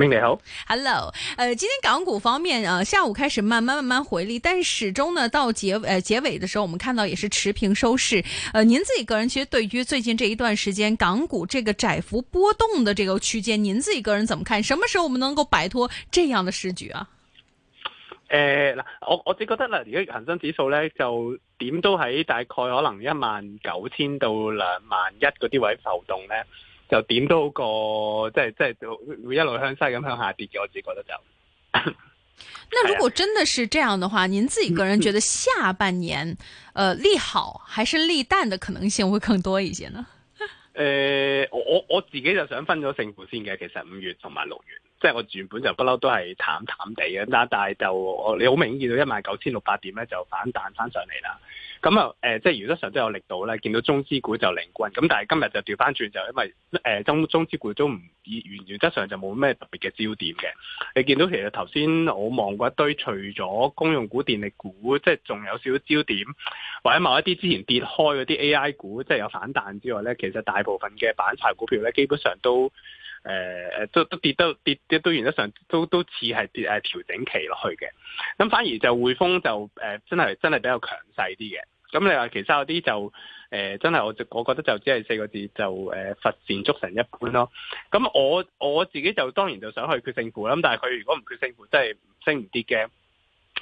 明你好，Hello，誒、呃，今天港股方面啊，下午開始慢慢慢慢回力，但是始終呢到結尾、呃、結尾的時候，我們看到也是持平收市。呃，您自己個人其實對於最近這一段時間港股這個窄幅波動的這個區間，您自己個人怎麼看？什麼時候我們能夠擺脱這樣的市局啊？誒，嗱，我我只覺得嗱，而家恒生指數咧就點都喺大概可能一萬九千到兩萬一嗰啲位浮動咧。就點都好過，即係即係會一路向西咁向下跌嘅，我自己覺得就。 那如果真的是這樣的話， 您自己個人覺得下半年， 呃利好還是利淡的可能性會更多一些呢？誒，我我我自己就想分咗勝負先嘅。其實五月同埋六月。即係我原本就不嬲，都係淡淡地嘅。但係就我你好明顯見到一萬九千六百點咧，就反彈翻上嚟啦。咁啊，誒、呃，即係原則上都有力度咧。見到中資股就領軍，咁但係今日就調翻轉，就因為誒中、呃、中資股都唔以原，原則上就冇咩特別嘅焦點嘅。你見到其實頭先我望過一堆，除咗公用股、電力股，即係仲有少少焦點，或者某一啲之前跌開嗰啲 AI 股，即係有反彈之外咧，其實大部分嘅板塊股票咧，基本上都。誒誒、呃、都都跌得跌跌都原則上都都似係跌、啊、調整期落去嘅，咁反而就匯豐就誒、呃、真係真係比較強勢啲嘅，咁你話其實有啲就誒、呃、真係我就我覺得就只係四個字就誒、呃、佛前足成一般咯，咁我我自己就當然就想去決勝負啦，咁但係佢如果唔決勝負，真係升唔跌嘅，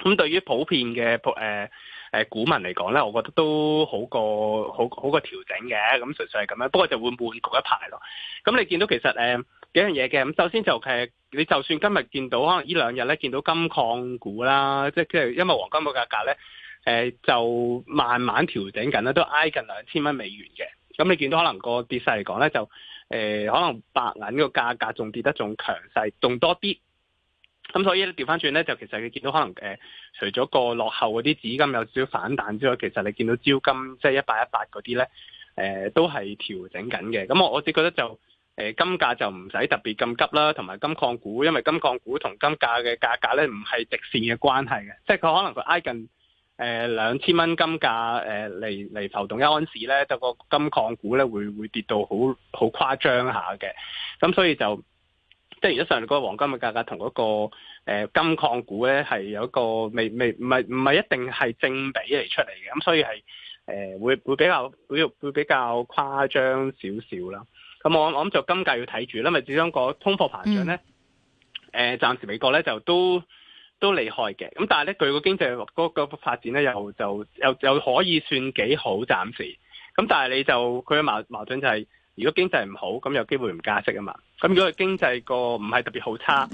咁對於普遍嘅誒。誒股民嚟講咧，我覺得都好過好好過調整嘅，咁純粹係咁樣，不過就會換局一排咯。咁你見到其實誒、呃、幾樣嘢嘅，咁首先就係、是、你就算今日見到，可能呢兩日咧見到金礦股啦，即係因為黃金嘅價格咧、呃，就慢慢調整緊啦，都挨近兩千蚊美元嘅。咁你見到可能個跌勢嚟講咧，就、呃、可能白銀個價格仲跌得仲強勢，仲多啲。咁所以咧，調翻轉咧，就其實你見到可能誒、呃，除咗個落後嗰啲紫金有少少反彈之外，其實你見到招金即係一八一八嗰啲咧，誒、就是呃、都係調整緊嘅。咁我我只覺得就誒、呃、金價就唔使特別咁急啦，同埋金礦股，因為金礦股同金價嘅價格咧，唔係直線嘅關係嘅，即係佢可能佢挨近誒兩千蚊金價誒嚟嚟浮動一安士咧，就個金礦股咧會會跌到好好誇張下嘅。咁所以就。即係而家上個黃金嘅價格同嗰個誒金礦股咧係有一個未未唔係唔係一定係正比嚟出嚟嘅。咁所以係誒會會比較會會比較誇張少少啦。咁我我諗就金價要睇住啦，咪始終個通貨膨脹咧，誒暫、嗯、時美國咧就都都離開嘅。咁但係咧佢個經濟嗰個發展咧又就又又可以算幾好暫時。咁但係你就佢嘅矛矛盾就係、是。如果經濟唔好，咁有機會唔加息啊嘛。咁如果個經濟個唔係特別好差，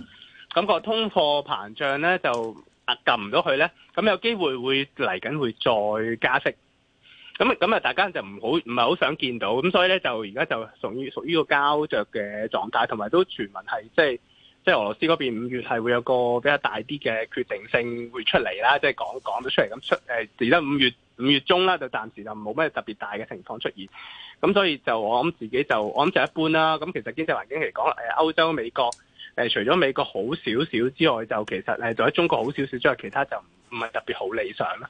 咁個通貨膨脹咧就壓撳唔到佢咧，咁有機會會嚟緊會再加息。咁咁啊，大家就唔好唔係好想見到。咁所以咧，就而家就屬於屬於個膠着嘅狀態，同埋都傳聞係即係即係俄羅斯嗰邊五月係會有個比較大啲嘅決定性會出嚟啦，即係講講咗出嚟咁出誒，而家五月五月中啦，就暫時就冇咩特別大嘅情況出現。咁所以就我諗自己就我諗就一般啦。咁其實經濟環境嚟講，誒歐洲、美國，誒除咗美國好少少之外就，就其實誒就喺中國好少少之外，其他就唔係特別好理想啦。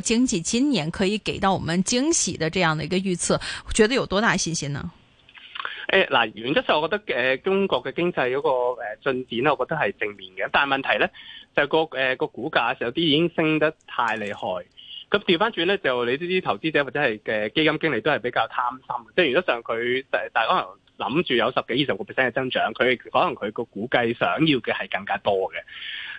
經濟今年可以給到我們驚喜的這樣的一個預測，覺得有多大信心呢？誒，嗱，原則上我覺得誒，中國嘅經濟嗰個誒進展咧，我覺得係正面嘅。但係問題咧就是、個誒個股價有啲已經升得太厲害。咁調返轉呢，就，你啲投資者或者係嘅基金經理都係比較貪心，即係原則上佢大大家可能諗住有十幾二十個 percent 嘅增長，佢可能佢個估計想要嘅係更加多嘅。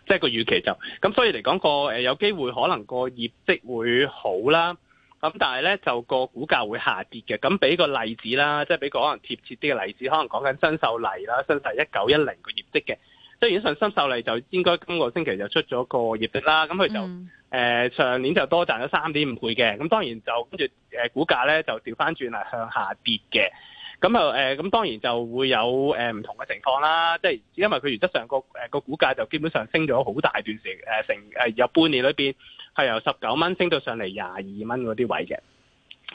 即係個預期就咁，所以嚟講個、呃、有機會可能個業績會好啦，咁但係咧就個股價會下跌嘅。咁俾個例子啦，即係俾個可能貼切啲嘅例子，可能講緊新秀麗啦，新秀麗一九一零個業績嘅，即係而家信新秀麗就應該今個星期就出咗個業績啦。咁佢就、嗯呃、上年就多賺咗三點五倍嘅，咁當然就跟住誒股價咧就調翻轉係向下跌嘅。咁啊，咁、嗯嗯、當然就會有誒唔、嗯、同嘅情況啦，即、就、係、是、因為佢原則上個誒、嗯、股價就基本上升咗好大段時，誒、呃、成誒有、呃、半年裏面係由十九蚊升到上嚟廿二蚊嗰啲位嘅。咁、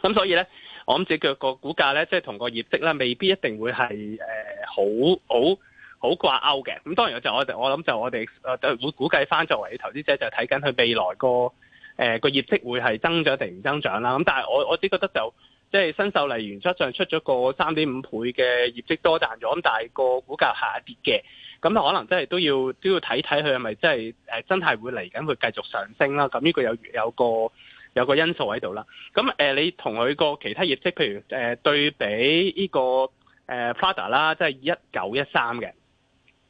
嗯、所以咧，我諗住佢個股價咧，即係同個業績咧，未必一定會係誒、呃、好好好掛鈎嘅。咁、嗯、當然就我哋我諗就我哋誒會估計翻作為投資者就睇緊佢未來個誒個業績會係增長定唔增長啦。咁、嗯、但係我我只覺得就。即係新秀麗原則上出咗個三點五倍嘅業績多賺咗，但係個股價下跌嘅，咁可能即係都要都要睇睇佢係咪即係真係會嚟緊會繼續上升啦。咁呢個有有個有個因素喺度啦。咁你同佢個其他業績，譬如誒對比呢個 Prada 啦，即係一九一三嘅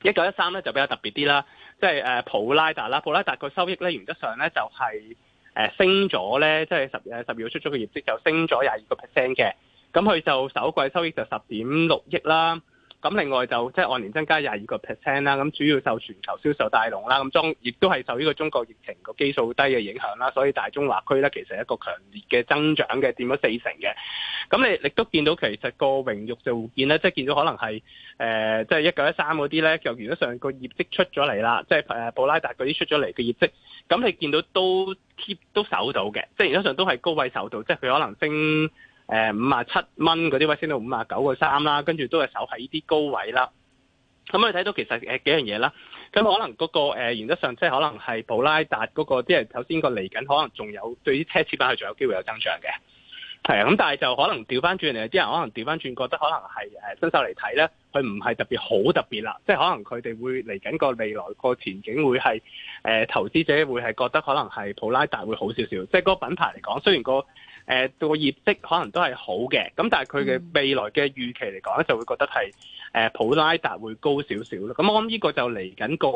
一九一三咧就比較特別啲啦。即係誒普拉達啦，普拉達個收益咧原則上咧就係。誒升咗咧，即係十誒十月出咗個業績就升咗廿二個 percent 嘅，咁佢就首季收益就十點六億啦，咁另外就即係按年增加廿二個 percent 啦，咁主要受全球銷售帶動啦，咁中亦都係受呢個中國疫情個基數低嘅影響啦，所以大中華區咧其實係一個強烈嘅增長嘅，佔咗四成嘅。咁你亦都見到其實個榮辱就會見咧，即係見到可能係誒，即係一九一三嗰啲咧，就原則上個業績出咗嚟啦，即係布拉達嗰啲出咗嚟嘅業績。咁你見到都 keep 都守到嘅，即係原則上都係高位守到，即係佢可能升誒五啊七蚊嗰啲位升到五啊九個三啦，跟住都係守喺呢啲高位啦。咁你睇到其實誒幾樣嘢啦，咁可能嗰個誒原則上即係可能係布拉達嗰個，即係首先個嚟緊可能仲有對於奢侈品係仲有機會有增長嘅。係啊，咁但係就可能調翻轉嚟，有啲人可能調翻轉覺得可能係誒新手嚟睇咧，佢唔係特別好特別啦，即係可能佢哋會嚟緊個未來個前景會係誒、呃、投資者會係覺得可能係普拉達會好少少，即係嗰個品牌嚟講，雖然、那個。誒個業績可能都係好嘅，咁但係佢嘅未來嘅預期嚟講咧，就會覺得係誒普拉達會高少少咯。咁我諗呢個就嚟緊個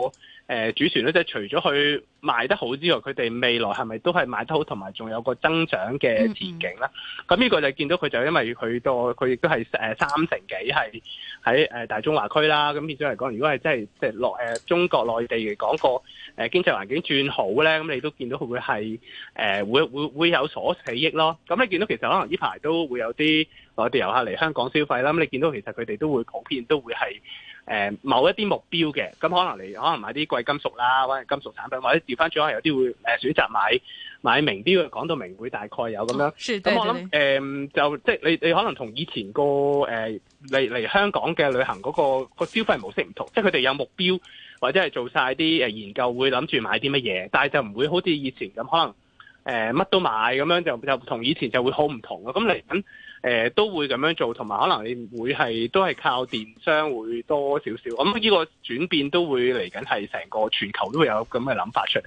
誒主旋律，即係除咗佢賣得好之外，佢哋未來係咪都係賣得好，同埋仲有個增長嘅前景咧？咁呢、嗯嗯、個就見到佢就因為佢多，佢亦都係三成幾係喺大中華區啦。咁變咗嚟講，如果係真係即係中國內地嚟講個誒經濟環境轉好咧，咁你都見到佢、呃、會係誒會，會有所起益咯。咁你見到其實可能呢排都會有啲內地遊客嚟香港消費啦，咁你見到其實佢哋都會普遍都會係誒、呃、某一啲目標嘅，咁可能你可能買啲貴金屬啦，或者金屬產品，或者調翻轉可能有啲會誒選擇買買名錶，講到明會大概有咁樣。咁我諗誒、呃、就即係你你可能同以前個誒嚟嚟香港嘅旅行嗰、那個那個消費模式唔同，即係佢哋有目標或者係做晒啲研究，會諗住買啲乜嘢，但係就唔會好似以前咁可能。誒，乜、呃、都買咁樣就就同以前就會好唔同咯。咁嚟緊誒都會咁樣做，同埋可能你會係都係靠電商會多少少。咁呢個轉變都會嚟緊，係成個全球都會有咁嘅諗法出嚟。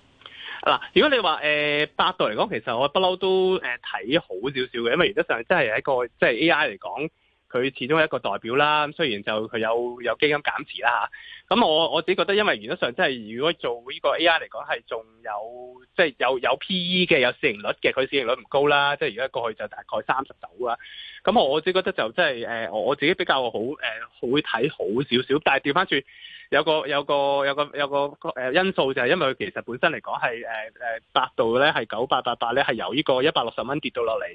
嗱，如果你話誒、呃、百度嚟講，其實我不嬲都睇、呃、好少少嘅，因為原則上真係一個即係 A I 嚟講，佢始終係一個代表啦。雖然就佢有有基金減持啦，咁我我自己覺得，因為原則上真係如果做呢個 A I 嚟講，係仲有即係有有 P E 嘅，有市盈率嘅，佢市盈率唔高啦。即係而家過去就大概三十度啦。咁我自己覺得就真係、呃、我自己比較好誒，會、呃、睇好少少。但係調翻轉。有個有個有個有個誒因素就係，因為佢其實本身嚟講係誒誒百度咧係九八八八咧，係由呢個一百六十蚊跌到落嚟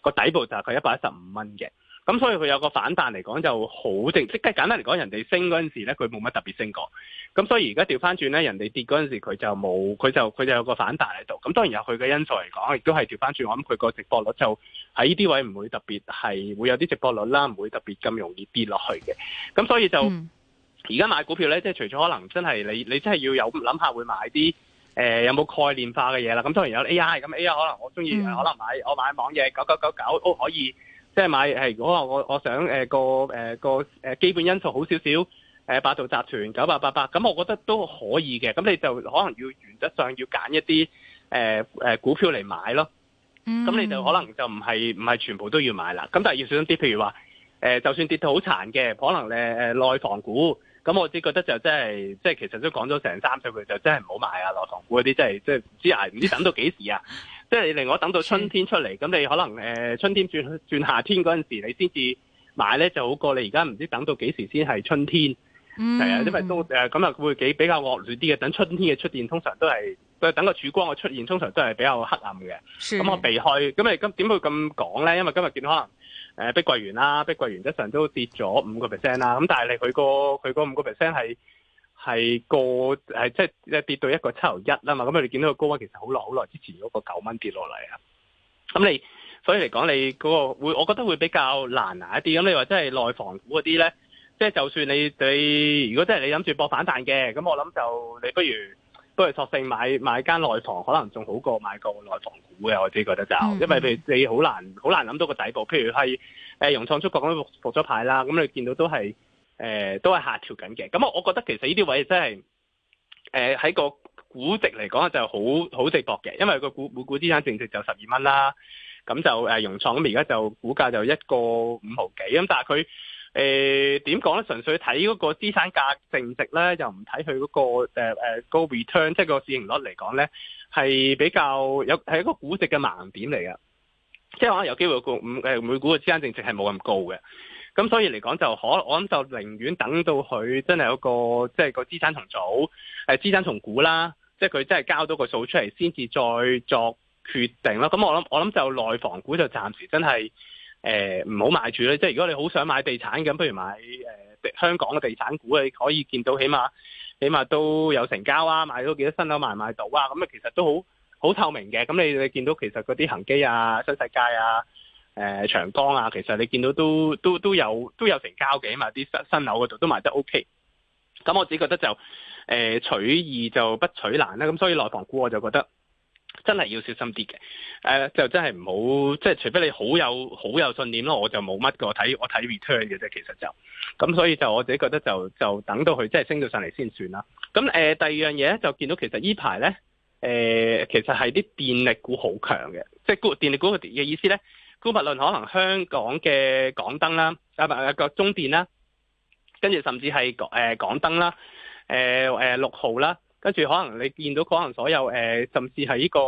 個底部就係佢一百一十五蚊嘅，咁所以佢有個反彈嚟講就好正，即係簡單嚟講，人哋升嗰陣時咧佢冇乜特別升過，咁所以而家調翻轉咧人哋跌嗰陣時佢就冇佢就佢就有個反彈喺度，咁當然有佢嘅因素嚟講，亦都係調翻轉，我諗佢個直播率就喺呢啲位唔會特別係會有啲直播率啦，唔會特別咁容易跌落去嘅，咁所以就。嗯而家買股票咧，即係除咗可能真係你你真係要有諗下會買啲誒、呃、有冇概念化嘅嘢啦。咁當然有 A I，咁 A I 可能我中意，mm hmm. 可能買我買網易九九九九都可以。即、就、係、是、買係如果我我,我想誒個誒個誒基本因素好少少誒百度集團九八八八，咁我覺得都可以嘅。咁你就可能要原則上要揀一啲誒誒股票嚟買咯。咁、mm hmm. 你就可能就唔係唔係全部都要買啦。咁但係要小心啲，譬如話誒、呃、就算跌到好殘嘅，可能誒誒、呃、內房股。咁我只覺得就真係，即係其實都講咗成三歲，就真係唔好買啊！落同股嗰啲真係，即係唔知捱，唔知等到幾時啊！ 即係你令我等到春天出嚟，咁你可能誒、呃、春天轉轉夏天嗰陣時，你先至買咧就好過你而家唔知等到幾時先係春天，係、嗯、啊，因為都誒咁啊會比較惡劣啲嘅。等春天嘅出現，通常都係等個曙光嘅出現，通常都係比較黑暗嘅。咁的我避開咁你今點會咁講咧？因為今日見可能。誒碧桂園啦，碧桂園質上都跌咗五個 percent 啦，咁但係你佢個佢五個 percent 係係個係即係跌到一個七毫一啦嘛，咁你見到個高位其實好耐好耐之前嗰個九蚊跌落嚟啊，咁你所以嚟講你嗰個會，我覺得會比較難拿一啲。咁你話真係內房股嗰啲咧，即係就算你你如果真係你諗住博反彈嘅，咁我諗就你不如。不如索性買買間內房，可能仲好過買個內房股嘅。我自己覺得就，因為譬如你你好難好難諗到個底部。譬如係誒融創中國咁復復咗牌啦，咁你見到都係誒、呃、都係下調緊嘅。咁啊，我覺得其實呢啲位置真係誒喺個估值嚟講就好好值博嘅，因為個股每股資產淨值就十二蚊啦，咁就誒融、呃、創咁而家就股價就一個五毫幾，咁但係佢。誒，點講咧？純粹睇嗰個資產價淨值咧，又唔睇佢嗰個誒誒高 return，即係個市盈率嚟講咧，係比較有係一個估值嘅盲點嚟噶。即係可能有機會個誒每股嘅資產淨值係冇咁高嘅，咁所以嚟講就可我諗就寧願等到佢真係有一個即係、就是、個資產重組，誒、呃、資產重估啦，即係佢真係交到個數出嚟先至再作決定啦，咁我諗我諗就內房股就暫時真係。誒唔好買住咧，即係如果你好想買地產咁，不如買誒、呃、香港嘅地產股你可以見到起碼起碼都有成交啊，買到幾多新樓賣唔賣到啊，咁、嗯、啊其實都好好透明嘅。咁、嗯、你你見到其實嗰啲恒基啊、新世界啊、誒、呃、長江啊，其實你見到都都都有都有成交嘅起碼啲新新樓嗰度都賣得 OK。咁、嗯、我自己覺得就誒、呃、取易就不取難啦、啊，咁、嗯、所以內房股我就覺得。真係要小心啲嘅、呃，就真係唔好，即係除非你好有好有信念咯，我就冇乜個睇，我睇 return 嘅啫，其實就咁，所以就我自己覺得就就等到佢即係升到上嚟先算啦。咁、呃、第二樣嘢咧，就見到其實依排咧，其實係啲電力股好強嘅，即係電力股嘅意思咧，姑勿論可能香港嘅港燈啦，啊唔、啊、中電啦，跟住甚至係港燈啦，誒誒六號啦。跟住可能你見到可能所有誒、呃，甚至係呢、這個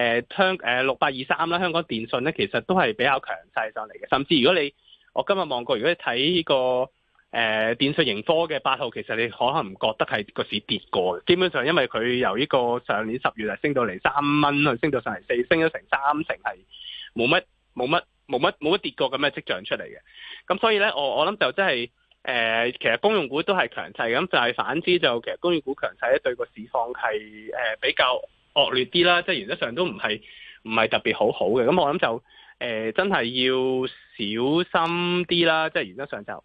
誒香誒六八二三啦，呃、23，香港電訊咧，其實都係比較強勢上嚟嘅。甚至如果你我今日望過，如果你睇呢、這個誒、呃、電訊盈科嘅八號，其實你可能唔覺得係個市跌過嘅。基本上因為佢由呢個上年十月啊升到嚟三蚊去升到上嚟四，升咗成三成，係冇乜冇乜冇乜冇乜跌過咁嘅跡象出嚟嘅。咁所以咧，我我諗就真係。誒、呃，其實公用股都係強勢，咁就係反之就其實公用股強勢咧，對個市況係誒比較惡劣啲啦，即係原則上都唔係唔係特別好好嘅。咁我諗就誒、呃，真係要小心啲啦，即係原則上就。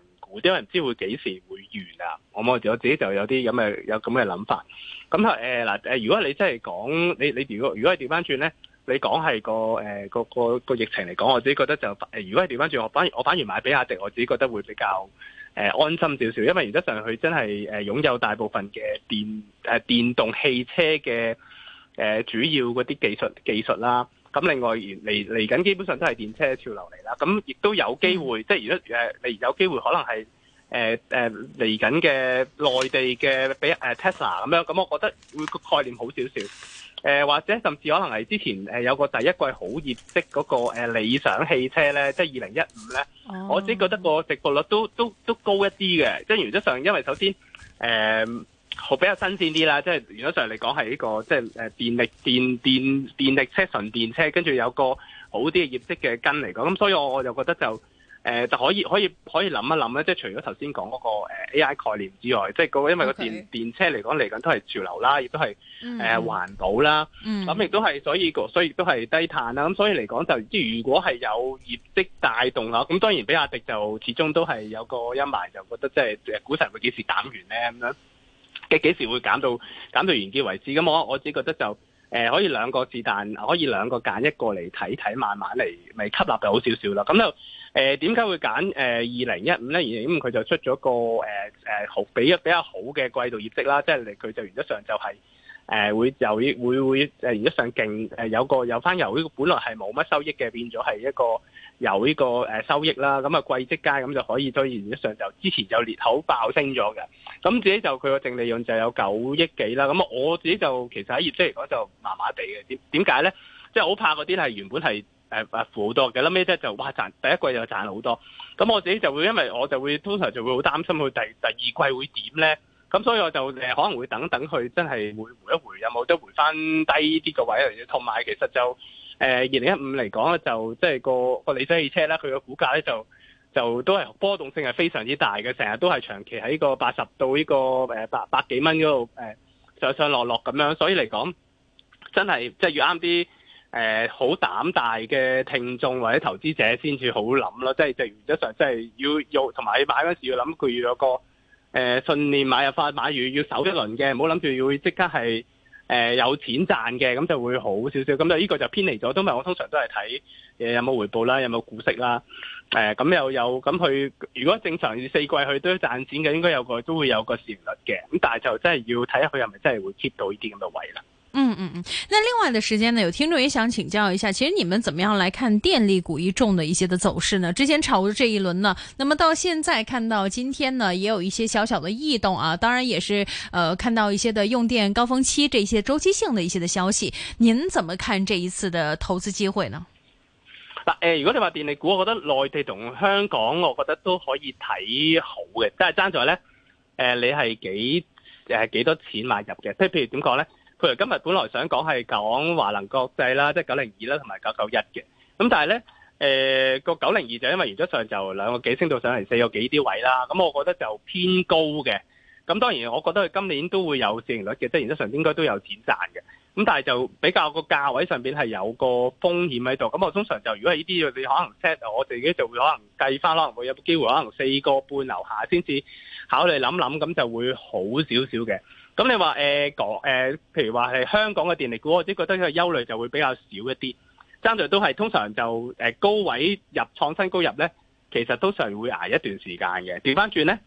啲人唔知會幾時會完啊！我冇，我自己就有啲咁嘅有咁嘅諗法。咁啊嗱，如果你真係講你你如果如果係調翻轉咧，你講係個誒、呃、個，個，個疫情嚟講，我自己覺得就、呃、如果係調翻轉，我反而我反而買比亞迪，我自己覺得會比較、呃、安心少少，因為原則上佢真係誒擁有大部分嘅電誒、呃、電動汽車嘅、呃、主要嗰啲技術技術啦。咁另外嚟嚟緊基本上都係電車潮流嚟啦，咁亦都有機會，嗯、即係如果誒，例有機會可能係誒嚟緊嘅內地嘅比誒 Tesla 咁樣，咁我覺得會個概念好少少。誒、呃、或者甚至可能係之前有個第一季好熱的嗰、那個、呃、理想汽車咧，即係二零一五咧，嗯、我自己覺得個值博率都都都高一啲嘅，即係原則上因為首先誒。呃好比較新鮮啲啦，即係如果上嚟講係呢個即係誒電力電電電力車純電車，跟住有個好啲嘅業績嘅根嚟講，咁所以我我就覺得就誒、呃、就可以可以可以諗一諗咧，即、就、係、是、除咗頭先講嗰個 AI 概念之外，即、就、係、是、因為個電 Okay. 電車嚟講嚟緊都係潮流啦，亦都係誒、mm. 啊、環保啦，咁亦、mm. 都係所以所以亦都係低碳啦，咁所以嚟講就如果係有業績帶動啦，咁當然比亞迪就始終都係有一個陰霾，就覺得即係股神會幾時減完咧咁樣嘅幾時會減到減到完結為止？咁我我只覺得就誒、呃、可以兩個字，但可以兩個揀一個嚟睇睇，慢慢嚟咪吸納就好少少啦。咁就誒點解會揀誒二零一五咧？二零一五佢就出咗個誒誒好比比較好嘅季度業績啦，即係嚟佢就原則上就係、是、誒、呃、會有會會誒原則上勁誒有個有返由呢個本來係冇乜收益嘅變咗係一個。有呢個收益啦，咁啊季績嘅，咁就可以，當然一上就之前就裂口爆升咗嘅，咁自己就佢個淨利潤就有九億幾啦，咁我自己就其實喺業績嚟講就麻麻地嘅，點點解咧？即係好怕嗰啲係原本係誒誒負好多嘅，後尾咧就哇賺第一季又賺好多，咁我自己就會因為我就會通常就會好擔心佢第第二季會點咧，咁所以我就誒可能會等等佢真係會回一回有冇得回翻低啲個位，同埋其實就。誒二零一五嚟講咧，就即係個個理想汽車咧，佢個股價咧就就都係波動性係非常之大嘅，成日都係長期喺呢個八十到呢個誒百百幾蚊嗰度上上落落咁樣，所以嚟講真係即係要啱啲誒好膽大嘅聽眾或者投資者先至好諗咯，即係即係原則上即係要要同埋你買嗰時要諗佢要有個誒信念買入翻，買完要守一輪嘅，唔好諗住要即刻係。誒、呃、有錢賺嘅咁就會好少少，咁就呢個就偏離咗。都唔係我通常都係睇誒有冇回報啦，有冇股息啦。誒、呃、咁又有咁佢，如果正常四季佢都賺錢嘅，應該有個都會有個市率嘅。咁但係就真係要睇下佢係咪真係會 keep 到呢啲咁嘅位啦。嗯嗯嗯，那另外的時間呢，有聽眾也想請教一下，其實你們怎麼樣來看電力股一眾的一些的走勢呢？之前炒過這一輪呢，那麼到現在看到今天呢，也有一些小小的異動啊。當然也是呃，看到一些的用電高峰期這些周期性的一些的消息，您怎麼看這一次的投資機會呢？嗱、呃，誒、呃，如果你話電力股，我覺得內地同香港，我覺得都可以睇好嘅，但係爭在呢，誒、呃，你係幾誒、呃、幾多錢買入嘅？譬譬如點講呢？譬如今日本來想講係講華能國際啦，即係九零二啦，同埋九九一嘅。咁但係咧，誒個九零二就因為原則上就兩個幾升到上嚟，四個幾啲位啦。咁我覺得就偏高嘅。咁當然我覺得佢今年都會有市盈率嘅，即係原則上應該都有錢賺嘅。咁但係就比較個價位上面係有個風險喺度。咁我通常就如果係呢啲，你可能 set 我自己就會可能計翻，可能會有機會可能四個半樓下先至考慮諗諗，咁就會好少少嘅。咁你話誒、呃呃、譬如話係香港嘅電力股，我只覺得佢個憂慮就會比較少一啲。爭在都係通常就誒、呃、高位入創新高入咧，其實都常會挨一段時間嘅。調翻轉咧，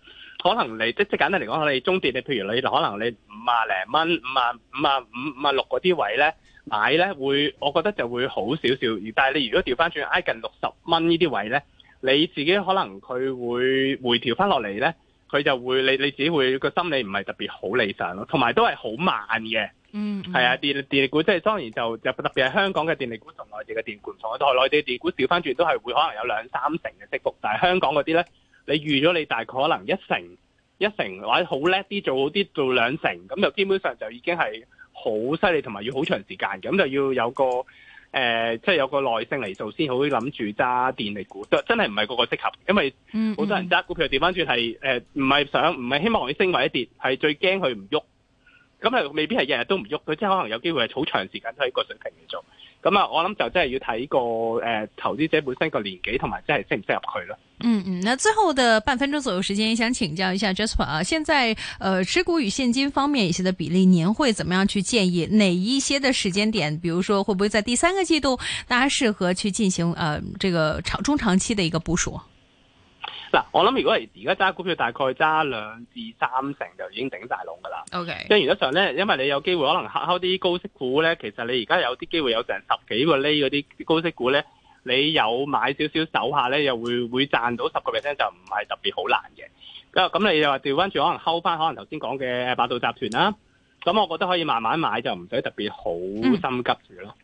可能你即即簡單嚟講，你中電你，譬如你可能你五啊零蚊、五啊五啊五、五啊六嗰啲位咧買咧，會我覺得就會好少少。而但係你如果調翻轉挨近六十蚊呢啲位咧，你自己可能佢會回調翻落嚟咧。佢就會你你自己會個心理唔係特別好理想咯，同埋都係好慢嘅，係、嗯嗯、啊電電力股即係當然就就特別係香港嘅電力股同內地嘅電管，內地嘅電股，同內地嘅電股調翻轉都係會可能有兩三成嘅跌幅，但係香港嗰啲呢，你預咗你大概可能一成一成或者好叻啲做好啲做兩成，咁就基本上就已經係好犀利，同埋要好長時間嘅，咁就要有個。誒，即係、呃就是、有個耐性嚟做先好，諗住揸電力股，真係唔係個個適合，因為好多人揸股票調翻轉係誒，唔係、呃、想唔係希望佢升或者跌，係最驚佢唔喐。咁係未必係日日都唔喐，佢即係可能有機會係好長時間都喺一個水平做。咁啊，我諗就真係要睇、這個誒、呃、投資者本身個年紀同埋，真係適唔適合佢。咯。嗯嗯，那最後的半分鐘左右時間，想請教一下 Jasper 啊，現在誒、呃、持股與現金方面一些嘅比例，您會怎麼樣去建議？哪一些嘅時間點，比如說會不會在第三個季度，大家適合去進行誒、呃、這個長中長期的一個部署？嗱、啊，我諗如果而而家揸股票大概揸兩至三成就已經頂大籠噶啦。O K，跟住另一方面咧，因為你有機會可能敲啲高息股咧，其實你而家有啲機會有成十幾個厘嗰啲高息股咧，你有買少少手下咧，又會會賺到十個 percent 就唔係特別好難嘅。咁你又話調温住，可能 hold 返可能頭先講嘅百度集團啦，咁我覺得可以慢慢買，就唔使特別好心急住咯。嗯